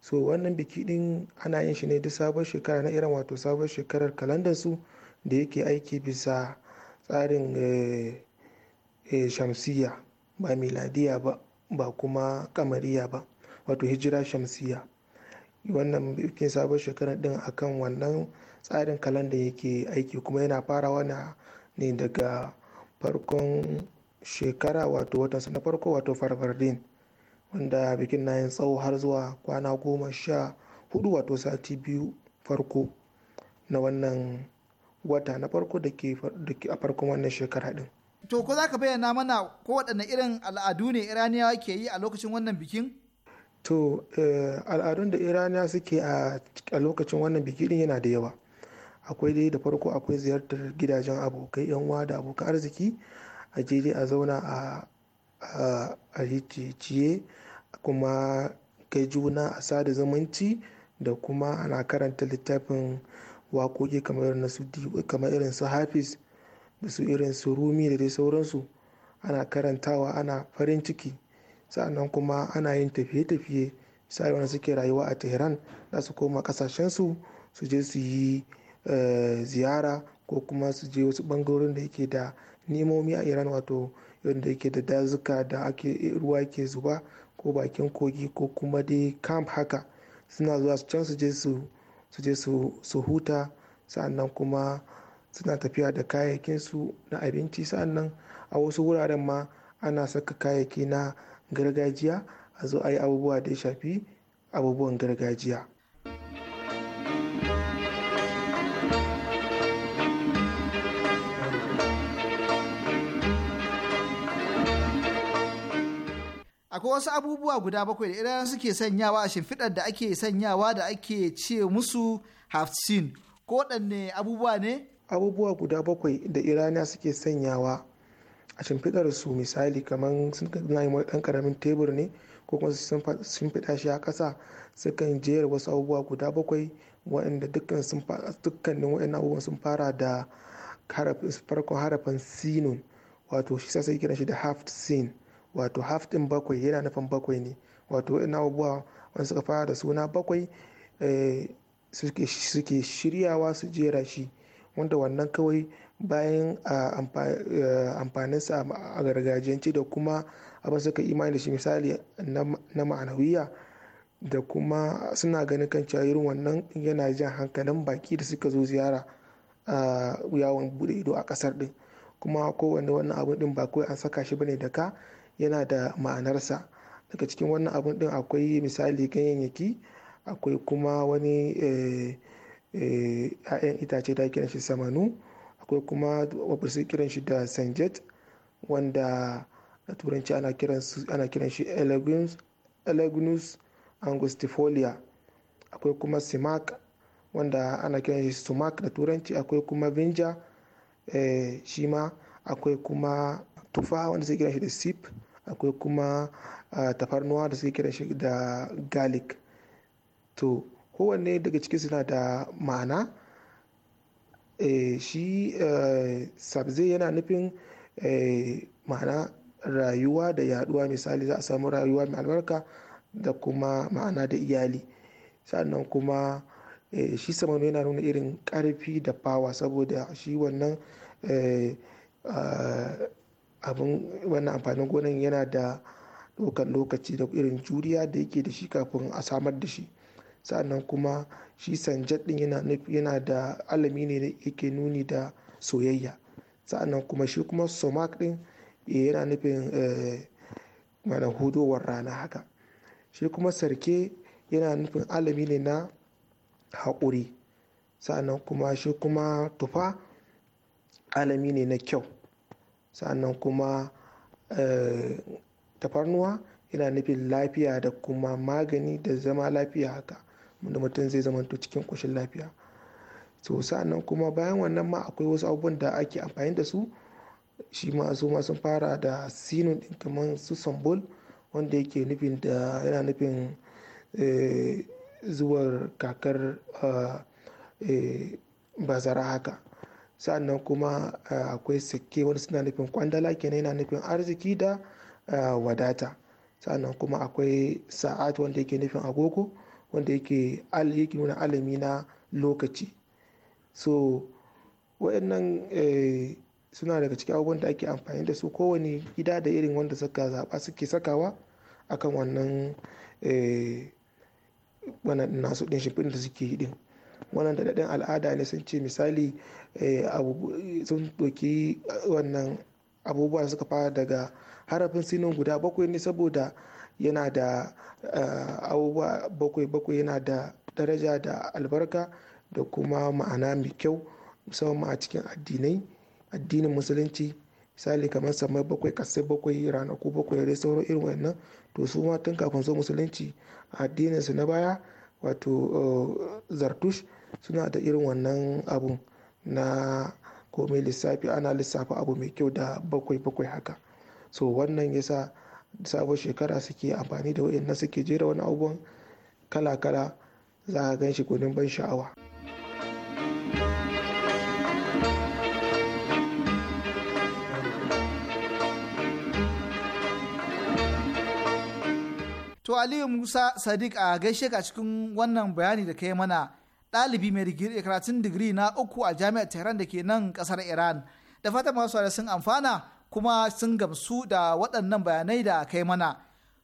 so wannan biki din ana yin shi ne duk sabon shekara na iran wato sabon shekarar kalandarsu da yake aiki bisa tsarin eh, eh, shamsiyya. ba miladiya ba ba kuma kamariya ba wato hijira shamsiya wannan bikin sabon shekara din akan wannan tsarin kalanda yake aiki kuma yana farawa ne daga farkon shekara wato watansa na farko wato farfardin wanda bikin na yin tsawo har zuwa kwana goma sha hudu wato sati biyu farko na wannan wata na farko da ke a farkon wannan shekara din to ko za ka bayyana mana ko waɗanne irin al'adu ne iraniya ke yi a lokacin wannan bikin to eh, al'adun da iraniya suke a lokacin wannan biki din yana da yawa akwai dai da farko akwai ziyartar gidajen abokai yan uwa da abokan arziki a je a zauna a ciye kuma kai juna a sada zumunci da kuma ana karanta littafin waƙoƙi kamar irin su hafiz da su irin su rumi da dai sauransu ana karantawa ana farin ciki sa'annan kuma ana yin tafiye-tafiye misali wanda suke rayuwa a tehran za su koma kasashensu su je su yi eh, ziyara ko kuma su je wasu bangarorin da yake da nemomi a iran wato yadda yake da dazuka da ake ruwa ke zuba ko bakin kogi ko kuma dai camp haka suna zuwa can su je su je su huta sa'annan kuma suna tafiya da kayayyakin su na abinci sannan a wasu wuraren ma ana saka kayayyaki na gargajiya a zo a yi abubuwa da ya shafi abubuwan gargajiya akwai wasu abubuwa guda bakwai da idan suke sanyawa a shimfiɗar da ake sanyawa da ake ce musu hafsin ko waɗanne abubuwa ne abubuwa guda bakwai da irana suke sanyawa a shimfidar su misali kamar sun yi dan karamin tebur ne ko kuma sun fiɗa shi a ƙasa sukan jiyar wasu abubuwa guda bakwai waɗanda dukkanin waɗannan abubuwan sun fara da farko harafin sinun wato shi sa sai kiran shi da half sin wato half din bakwai yana nufin bakwai ne wato waɗannan abubuwa wanda suka fara da suna bakwai eh, suke shiryawa su jera shi wanda wannan kawai bayan e, amfaninsa a gargajiyance da kuma abin suka imani da shi misali na ma'anawiya da kuma suna ganin kan cewa irin wannan yana jan hankalin baki da suka zo ziyara a yawon bude ido a kasar din kuma kowane wannan abin din ba kawai an saka shi bane da ka yana da ma'anarsa daga cikin wannan abin din akwai misali ganyayyaki akwai kuma wani e, 'ya'yan eh, itace da kiran shi samanu akwai kuma wadda su kiran shi da sanjet wanda a turanci ana kiran shi elegunus angustifolia akwai kuma simak wanda ana kiran shi sumak da turanci akwai kuma vinja eh, shi ma akwai kuma tufa wanda suke kiran shi da sip akwai kuma ah, tafarnuwa da suke kiran shi da garlic to kowanne daga ciki suna da ma'ana eh, shi eh, sabze yana nufin eh, ma'ana rayuwa da yaduwa misali za a samu rayuwa mai albarka da kuma ma'ana da iyali sannan kuma shi samanu yana nuna irin karfi da fawa saboda shi wannan ah, abin wannan amfanin gonan yana da dokan lokaci da irin juriya da yake da shi kafin a samar da shi sa'annan kuma shi sanjad din yana da alami ne da yake nuni da soyayya sa'annan kuma shi kuma somak din eh, yana nufin eh, mana hudowar rana haka shi kuma sarke yana nufin alami ne na haƙuri sa'annan kuma shi kuma tufa alami ne na kyau sa'annan kuma eh, tafarnuwa yana nufin lafiya da kuma magani da zama lafiya haka wanda mutum zai zama cikin ƙoshin lafiya so sa'annan kuma bayan wannan ma akwai wasu abubuwan da ake amfani da su shi ma su ma sun fara da sinun din kamar su sambol wanda yake nufin da yana nufin eh, zuwar kakar eh, eh, bazara haka sa'annan kuma akwai sake wanda suna nufin kwandala kenan yana nufin arziki da wadata sa'annan kuma akwai sa'at wanda yake nufin agogo wanda yake yake nuna alami na lokaci so waɗannan eh, suna daga cikin abubuwan da ake amfani da su kowane gida da irin wanda suka zaɓa suke sakawa akan wannan eh, wannan nasu ɗin shimfiɗin da suke yi ɗin wannan daɗaɗɗen al'ada ne sun ce misali eh, sun ɗauki wannan abubuwa suka fara daga harafin sinin guda bakwai ne saboda yana da eh, abubuwa bakwai bakwai yana da daraja da albarka da kuma ma'ana mai kyau musamman a cikin addinai addinin musulunci misali kamar samar bakwai kasai bakwai ranaku bakwai da sauran irin wannan to su ma tun kafin zo musulunci addinin su na baya wato eh, zartush suna da irin wannan abu na komai lissafi ana lissafa abu mai kyau da bakwai bakwai haka so wannan yasa sabon shekara suke amfani da waɗannan suke jera wani abubuwan kala-kala za a gan shi gudun ban sha'awa. To Aliyu Musa Sadiq a gaishe ka cikin wannan bayani da kai mana ɗalibi mai karatun digiri na uku a jami'ar Tehran da ke nan ƙasar Iran. Da fatan masu sun amfana kuma sun gamsu da waɗannan bayanai da kai mana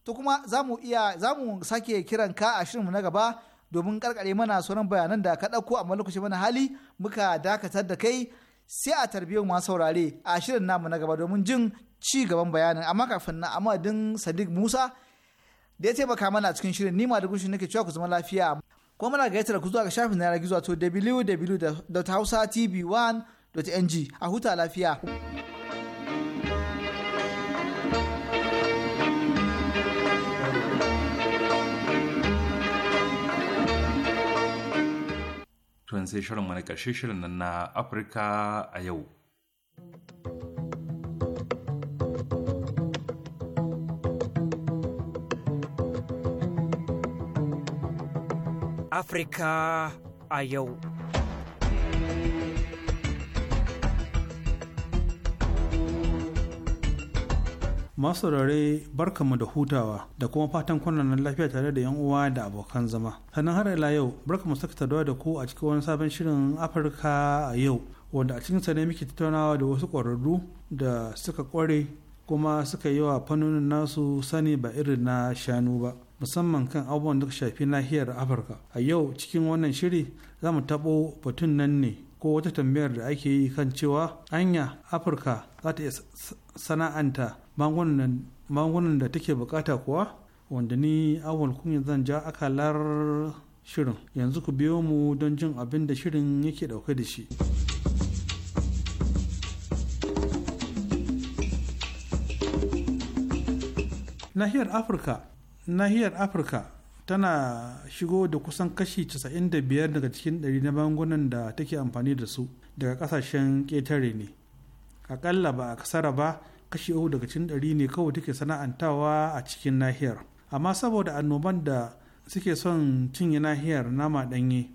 to kuma za mu iya za mu sake kiran ka a shirinmu na gaba domin karkare mana sauran bayanan da ka ɗauko amma lokaci mana hali muka dakatar da kai sai a tarbiyyar masu saurare a shirin namu na gaba domin jin ci gaban bayanin amma kafin na amadin sadiq musa da ya taimaka mana a cikin shirin nima da gushin nake cewa ku zama lafiya kuma muna gayyatar ku zuwa ga shafin na gizo to www.hausatv1.ng a huta lafiya. tun sai shirin mana ƙarshe shirin nan na afirka a yau afirka a yau masu rare barkamu da hutawa da kuma fatan kwanan lafiya tare da yan uwa da abokan zama sannan har ila yau barkamu saka ta da ku a cikin wani sabon shirin afirka a yau wanda a cikin sa ne muke tattaunawa da wasu ƙwararru da suka kware kuma suka yi wa fannonin nasu sani ba irin na shanu ba musamman kan abubuwan da shafi nahiyar afirka a yau cikin wannan shiri za mu taɓo batun nan ne ko wata tambayar da ake yi kan cewa anya afirka za ta iya sana'anta magungunan da take bukata kuwa wanda ni awal kunya zan ja akalar shirin yanzu ku biyo mu don jin abin da shirin yake dauke da shi nahiyar afirka nahiyar afirka tana shigo da kusan kashi 95 daga cikin 100 na bangunan da take amfani da su daga kasashen ƙetare ne akalla ba a kasara ba kashi uku daga cikin ɗari ne kawai take sana'antawa a cikin nahiyar amma saboda annoban da suke son cinye nahiyar nama ɗanye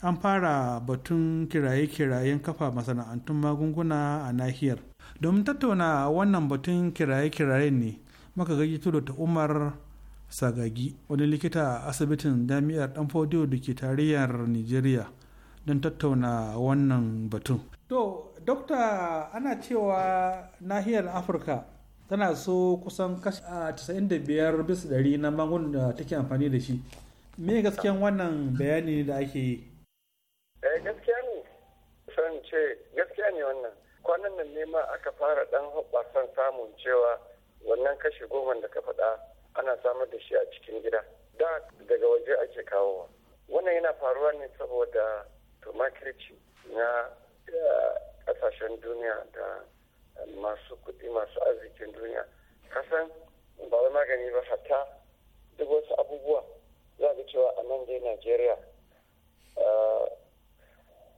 an fara batun kiraye-kirayen kafa masana'antun magunguna a nahiyar domin tattauna wannan batun kiraye-kirayen ne maka tudu ta umar sagagi wani likita a asibitin jami'ar dan fodiyo da ke tarayyar nigeria don tattauna wannan batun to dokta ana cewa nahiyar afirka tana so kusan kashi 95 bis 100 na magun da take amfani da shi me gaskiyan wannan bayani da ake yi eh gaskiya ne san ce gaskiya ne wannan kwanan nan ne ma aka fara dan hoɓasan samun cewa wannan kashi goma da ka faɗa ana samar da shi a cikin gida da daga waje ake kawowa wannan yana faruwa ne saboda tumakirci na eh, kasashen duniya da masu kuɗi masu arzikin duniya kasan ba wai magani ba hatta duk wasu abubuwa za ga cewa a nan dai najeriya eh,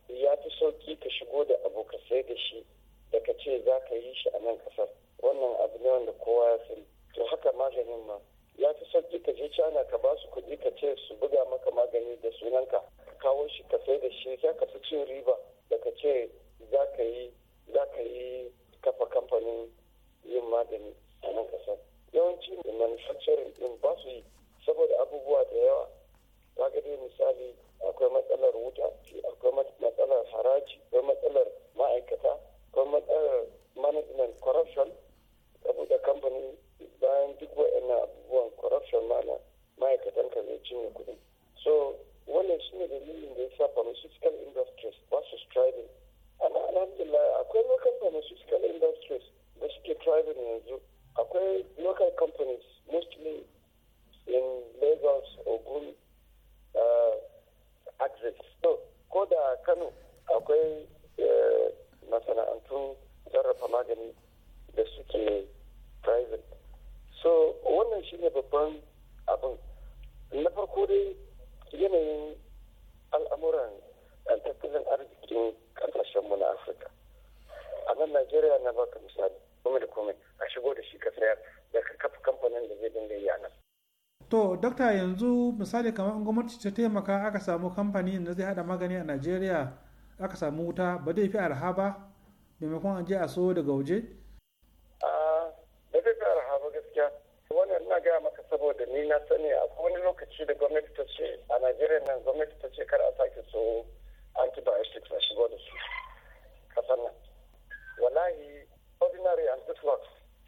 ya fi sauki ka shigo da abu ka sai da shi da ka ce za ka yi shi a nan kasar wannan abu ne wanda kowa ya sani to haka maganin ma ya fi sauki ka je cana ka ba su kuɗi ka ce su buga maka magani da sunanka ka kawo shi ka sai da shi za ka fi cin riba da ka ce za ka yi za ka yi kafa kamfanin yin magani a nan kasar yawanci manufacturing din ba su yi saboda abubuwa da yawa ta dai misali akwai matsalar wuta akwai matsalar haraji akwai matsalar ma'aikata akwai matsalar management corruption ka buɗe kamfani bayan duk wa'annan abubuwan corruption mana ma'aikatan ka zai cinye kuɗi so wannan shine dalilin da ya sa pharmaceutical industries ba su striving alhamdulillah akwai local pharmaceutical industries da suke thriving yanzu akwai local companies mostly in lagos ogun uh, access so ko da kano akwai uh, masana'antun zarrafa magani da suke private so wannan shine babban abin na farko dai yanayin al'amuran uh, tattalin arzikin kasashen mu na afirka a nan najeriya na baka misali kome da kome a shigo da shi ka sayar da ka kafa kamfanin da zai dinga yi a nan to dokta yanzu misali kamar in gwamnati ta taimaka aka samu kamfani da zai hada magani a najeriya aka samu wuta ba zai fi arha ba maimakon an je a so daga waje ba gaskiya wannan na gaya maka saboda ni na sani a wani lokaci da gwamnati ta ce a najeriya nan gwamnati ta ce kar a sake so antibiotics a shigo da su kasar nan wallahi ordinary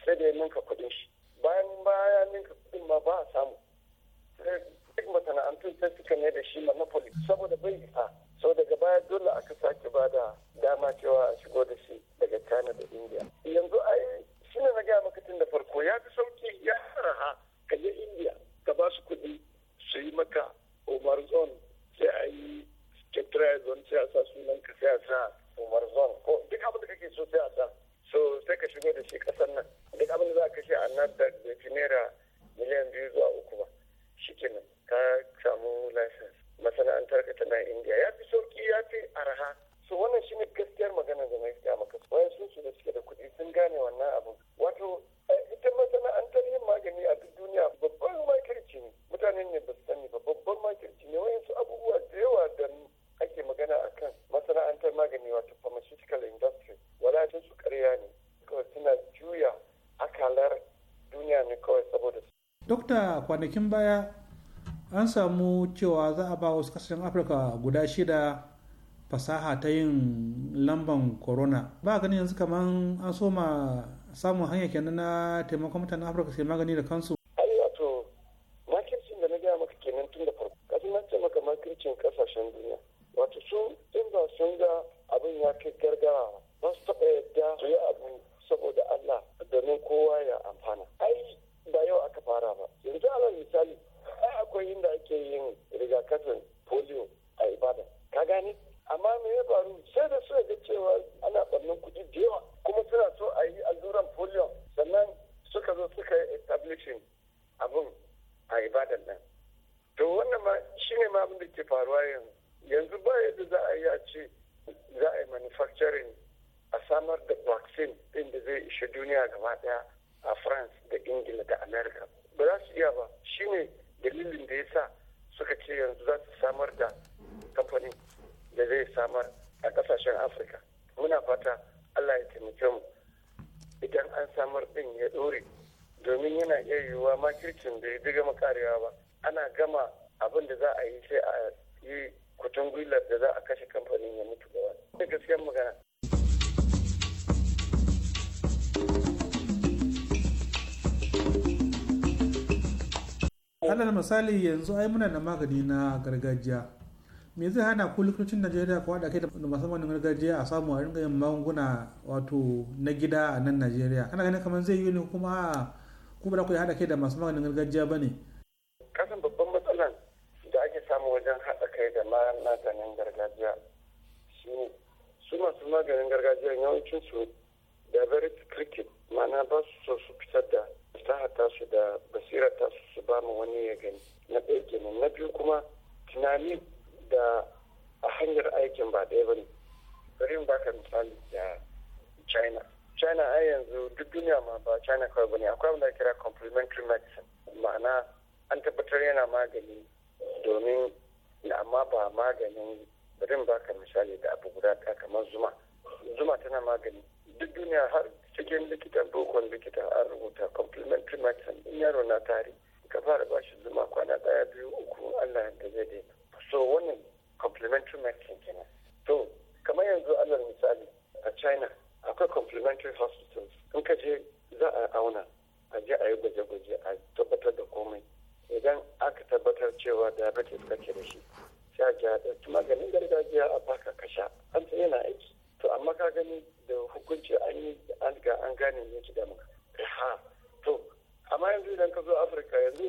sai da ya ninka kudin shi bayan baya ninka kudin ma ba a samu duk masana'antun sai suka ne da shi ma na monopoly saboda bai isa so daga baya dole aka sake ba da dama cewa a shigo da shi daga china da india yanzu ai shi ne na gaya maka tun da farko ya fi sauki ya faraha ka je india ka ba su kuɗi su yi maka sai a sa sunan ka sai a sa umar zon ko duk abin da kake so sai a sa so sai ka shigo da shi kasar nan duk abin da za ka kashe a nan da kwanakin baya an samu cewa za a ba wasu kasashen afirka guda shida fasaha ta yin lamban corona ba ganin yanzu kamar an soma samun hanyar kenan na taimakon mutanen afirka sai magani da kansu afirka muna fata allah ya taimake mu idan an samar din ya dore domin yana iya yiwuwa makircin da ya diga makarewa ba ana gama abin da za a yi sai a yi kutun gwilar da za a kashe kamfanin ya mutu gaba da gaskiyar magana alal misali yanzu ai muna da magani na gargajiya me zai hana ku likitocin najeriya ku da kai da masu maganin gargajiya a samu a ringa yin magunguna wato na gida a nan najeriya kana ganin kamar zai yi ne kuma ku ba ku haɗa kai da masu maganin gargajiya ba ne. kasan babban matsalan da ake samu wajen haɗa kai da maganin gargajiya ne su masu maganin gargajiya yawancin su da very cricket ma'ana ba su so su fitar da fasaha tasu da basirar tasu su ba mu wani ya gani na ɗaya kenan na biyu kuma tunani da a hanyar aikin ba ɗaya ba ne bari ba baka misali da china china a yanzu duk duniya ma ba china kawai ba ne akwai wanda kira complementary medicine ma'ana an tabbatar yana magani domin na amma ba maganin bari ba baka misali da abu guda ɗaya kamar zuma zuma tana magani duk duniya har cikin likita boko likita an rubuta complementary medicine in yaro na tari ka fara bashi zuma kwana ɗaya biyu uku allah da zai daina so wannan complementary medicine kenan to kamar yanzu allah misali a china akwai complementary hospitals in ka je za a auna a je a yi gwaje-gwaje a tabbatar da komai idan aka tabbatar cewa diabetes kake da shi sai a da a maganin gargajiya a baka ka sha an san yana aiki to amma ka gani da hukunci an yi an ga an gane ki da maka ha to amma yanzu idan ka zo afirka yanzu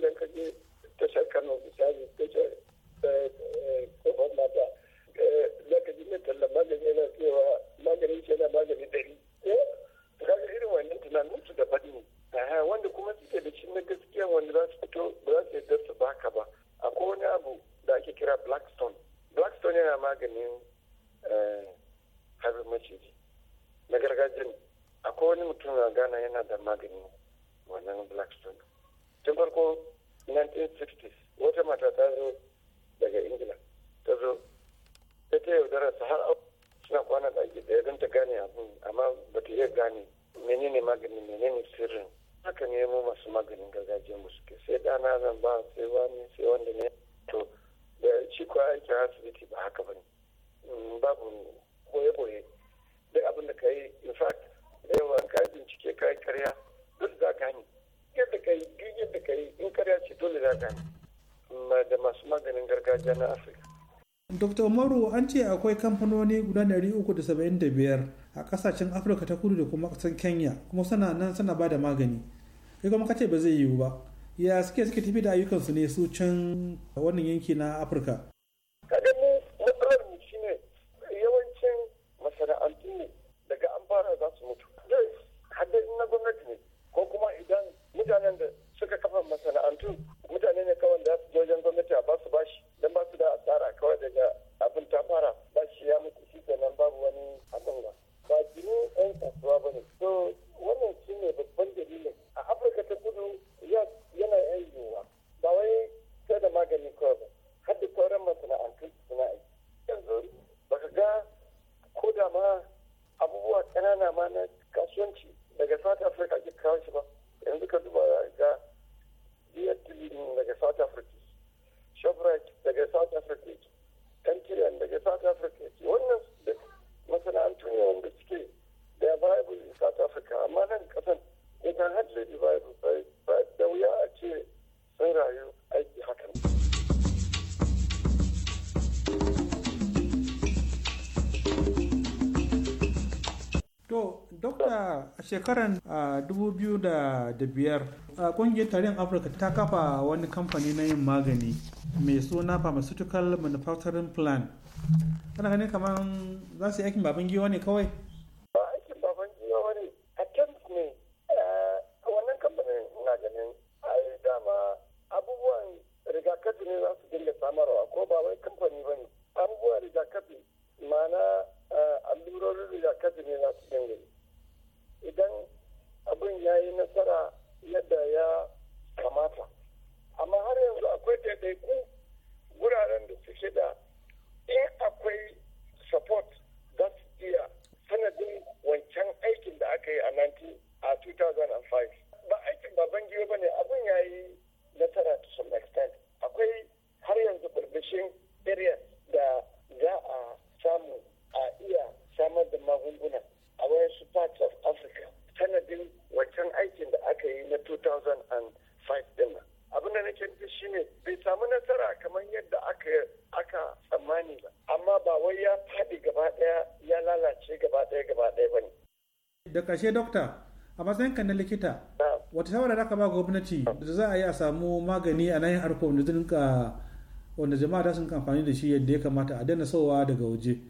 umaru an ce akwai kamfanoni guda 375 a kasashen afirka ta kudu da kuma kasar kenya kuma suna nan suna ba da magani kai kuma kace ba zai yiwu ba ya suke suke tafi da ayyukansu ne su can wannan yanki na afirka kuma abubuwa ƙanana ma na kasuwanci daga south africa ake kawo shi ba yanzu ka duba ga dstv daga south africa shoprite daga south africa kantiriyan daga south africa wannan masana'antu ne wanda suke da bible in south africa amma nan kasan ita hajji da bible da wuya a ce sun rayu aiki hakan. To, dokta a shekarar biyar a kungiyar tarihin Afirka ta kafa wani kamfani na yin magani mai suna Pharmaceutical Manufacturing Plan. Kana ganin kamar za su yi aikin baban giwa ne kawai? ƙarshe dokta a matsayinka na likita wata shawara da ka ba gwamnati da za a yi a samu magani a nan harkar wanda jama'a ta sun amfani da shi yadda ya kamata a daina sowa daga waje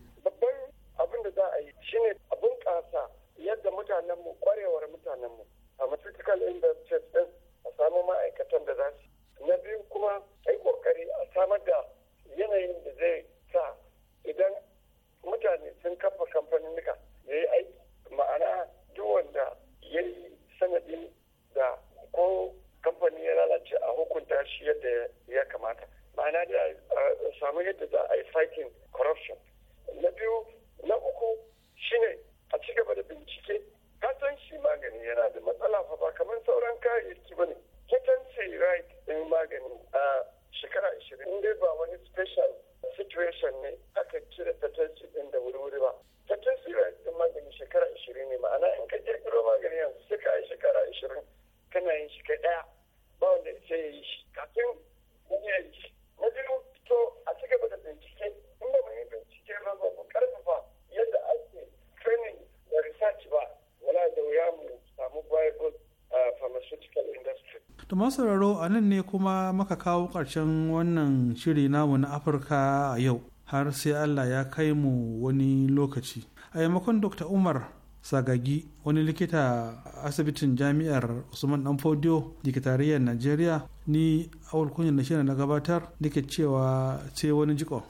a nan ne kuma muka kawo ƙarshen wannan shiri namu na afirka a yau har sai allah ya kai mu wani lokaci a yamakon dr umar sagagi wani likita asibitin jami'ar usman dan fodiyo dikitariyyar najeriya ni awul kunyar na shirin na gabatar da ke cewa ce wani jiko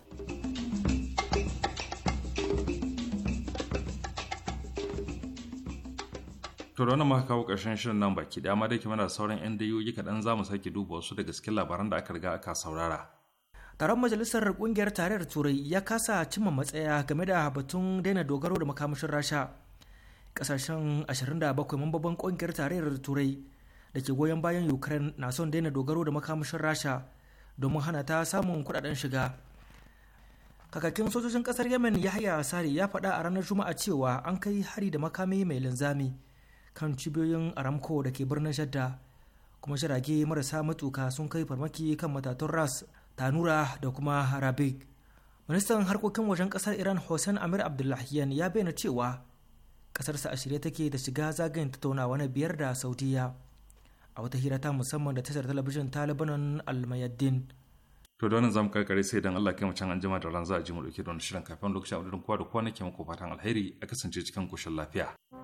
to da muka kawo ƙarshen shirin nan baki da amma dai muna sauran 'yan dayoyi kaɗan za mu sake duba wasu daga cikin labaran da aka riga aka saurara. Taron majalisar ƙungiyar tarayyar Turai ya kasa cimma matsaya game da batun daina dogaro da makamashin Rasha. Ƙasashen 27 mambaban ƙungiyar tarayyar Turai da ke goyon bayan Ukraine na son daina dogaro da makamashin Rasha domin hana ta samun kuɗaɗen shiga. Kakakin sojojin ƙasar Yemen Yahya Sari ya faɗa a ranar Juma'a cewa an kai hari da makami mai linzami. kan cibiyoyin aramco da ke birnin shadda kuma shirage marasa matuka sun kai farmaki kan matatun ras tanura da kuma rabik ministan harkokin wajen kasar iran hussein amir abdullahiyan ya bayyana cewa kasarsa a shirye take da shiga zagayen tattaunawa na biyar da saudiya a wata hira ta musamman da tashar talabijin ta lebanon almayaddin to da wannan zamu karkare sai dan Allah kai mu can anjima da ran za a ji mu dauke da wannan shirin kafin lokacin abudin kowa da kowa nake muku fatan alheri a kasance cikin koshin lafiya